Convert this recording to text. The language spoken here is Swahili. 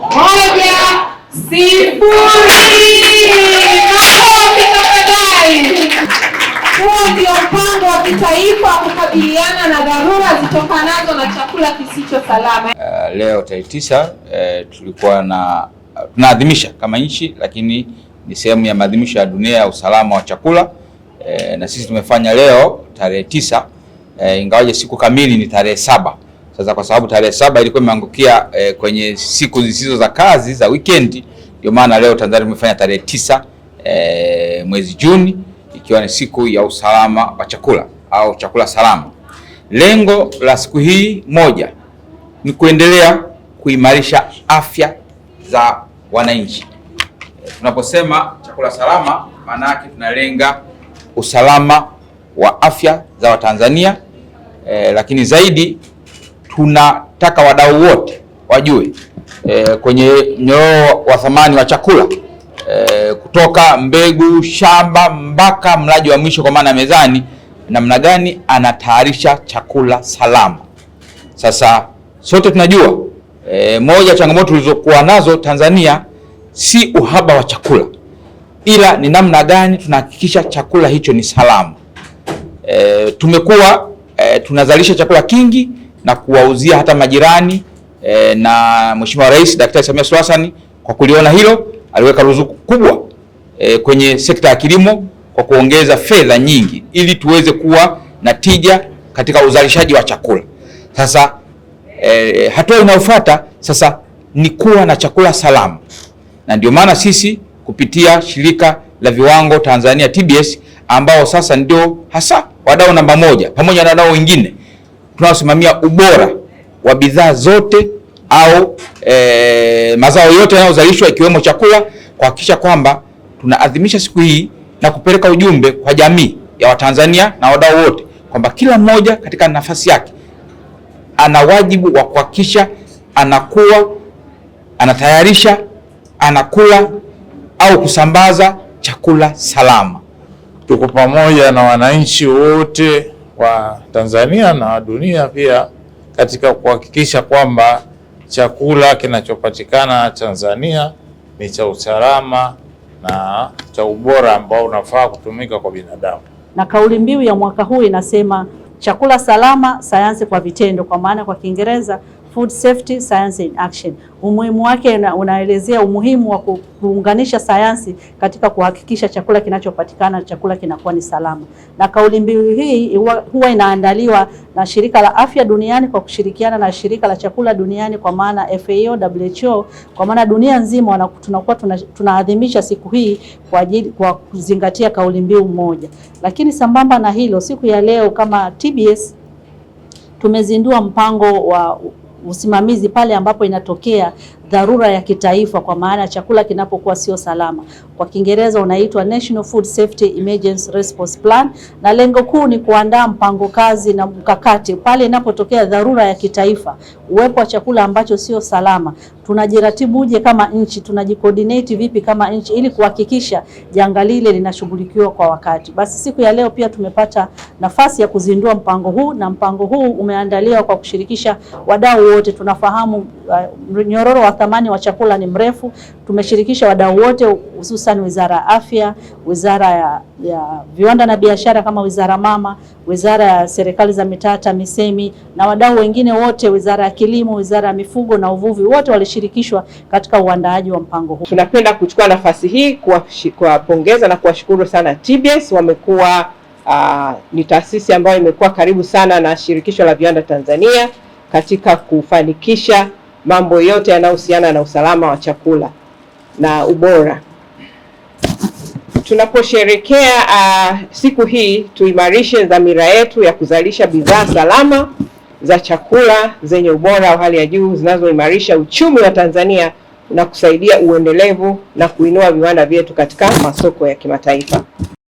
moja sifuri. Huu ndio mpango wa kitaifa kukabiliana na dharura zitokanazo na chakula kisicho salama. Uh, leo tarehe tisa, uh, tulikuwa na tunaadhimisha kama nchi, lakini ni sehemu ya maadhimisho ya dunia ya usalama wa chakula uh, na sisi tumefanya leo tarehe tisa, uh, ingawaje siku kamili ni tarehe saba. Sasa kwa sababu tarehe saba ilikuwa imeangukia e, kwenye siku zisizo za kazi za weekend, ndio maana leo Tanzania tumefanya tarehe tisa e, mwezi Juni ikiwa ni siku ya usalama wa chakula au chakula salama. Lengo la siku hii moja ni kuendelea kuimarisha afya za wananchi. Eh, tunaposema chakula salama, maana yake tunalenga usalama wa afya za Watanzania e, lakini zaidi tunataka wadau wote wajue e, kwenye mnyororo wa thamani wa chakula e, kutoka mbegu shamba mpaka mlaji wa mwisho, kwa maana mezani, namna gani anatayarisha chakula salama. Sasa sote tunajua e, moja changamoto tulizokuwa nazo Tanzania si uhaba wa chakula, ila ni namna gani tunahakikisha chakula hicho ni salama. E, tumekuwa e, tunazalisha chakula kingi na kuwauzia hata majirani e, na Mheshimiwa Rais Daktari Samia Suluhu Hassan kwa kuliona hilo aliweka ruzuku kubwa e, kwenye sekta ya kilimo kwa kuongeza fedha nyingi ili tuweze kuwa na tija katika uzalishaji wa chakula. Sasa e, hatua inayofuata sasa ni kuwa na chakula salama, na ndio maana sisi kupitia shirika la viwango Tanzania TBS ambao sasa ndio hasa wadau namba moja pamoja na wadau wengine tunaosimamia ubora wa bidhaa zote au e, mazao yote yanayozalishwa ikiwemo chakula, kuhakikisha kwamba tunaadhimisha siku hii na kupeleka ujumbe kwa jamii ya Watanzania na wadau wote kwamba kila mmoja katika nafasi yake ana wajibu wa kuhakikisha anakuwa anatayarisha, anakula au kusambaza chakula salama. Tuko pamoja na wananchi wote kwa Tanzania na dunia pia katika kuhakikisha kwamba chakula kinachopatikana Tanzania ni cha usalama na cha ubora ambao unafaa kutumika kwa binadamu. Na kauli mbiu ya mwaka huu inasema chakula salama, sayansi kwa vitendo, kwa maana kwa Kiingereza Food Safety Science in Action. Umuhimu wake unaelezea umuhimu wa kuunganisha sayansi katika kuhakikisha chakula kinachopatikana, chakula kinakuwa ni salama, na kauli mbiu hii huwa inaandaliwa na Shirika la Afya Duniani kwa kushirikiana na Shirika la Chakula Duniani kwa maana FAO, WHO, kwa maana dunia nzima tunakuwa tunaadhimisha siku hii kwa ajili kwa kuzingatia kauli mbiu moja. Lakini sambamba na hilo, siku ya leo kama TBS tumezindua mpango wa usimamizi pale ambapo inatokea dharura ya kitaifa, kwa maana chakula kinapokuwa sio salama, kwa Kiingereza unaitwa National Food Safety Emergency Response Plan, na lengo kuu ni kuandaa mpango kazi na mkakati pale inapotokea dharura ya kitaifa, uwepo wa chakula ambacho sio salama, tunajiratibuje kama nchi, tunajikoordinate vipi kama nchi ili kuhakikisha janga lile linashughulikiwa kwa wakati. Basi siku ya leo pia tumepata nafasi ya kuzindua mpango huu, na mpango huu umeandaliwa kwa kushirikisha wadau wote. Tunafahamu uh, nyororo wa thamani wa chakula ni mrefu. Tumeshirikisha wadau wote, hususan wizara ya afya, wizara ya, ya viwanda na biashara kama wizara mama, wizara ya serikali za mitaa TAMISEMI na wadau wengine wote, wizara ya kilimo, wizara ya mifugo na uvuvi, wote walishirikishwa katika uandaaji wa mpango huu. Tunapenda kuchukua nafasi hii kuwapongeza na kuwashukuru sana TBS, wamekuwa Uh, ni taasisi ambayo imekuwa karibu sana na Shirikisho la Viwanda Tanzania katika kufanikisha mambo yote yanayohusiana na usalama wa chakula na ubora. Tunaposherekea uh, siku hii tuimarishe dhamira yetu ya kuzalisha bidhaa salama za chakula zenye ubora wa hali ya juu zinazoimarisha uchumi wa Tanzania na kusaidia uendelevu na kuinua viwanda vyetu katika masoko ya kimataifa.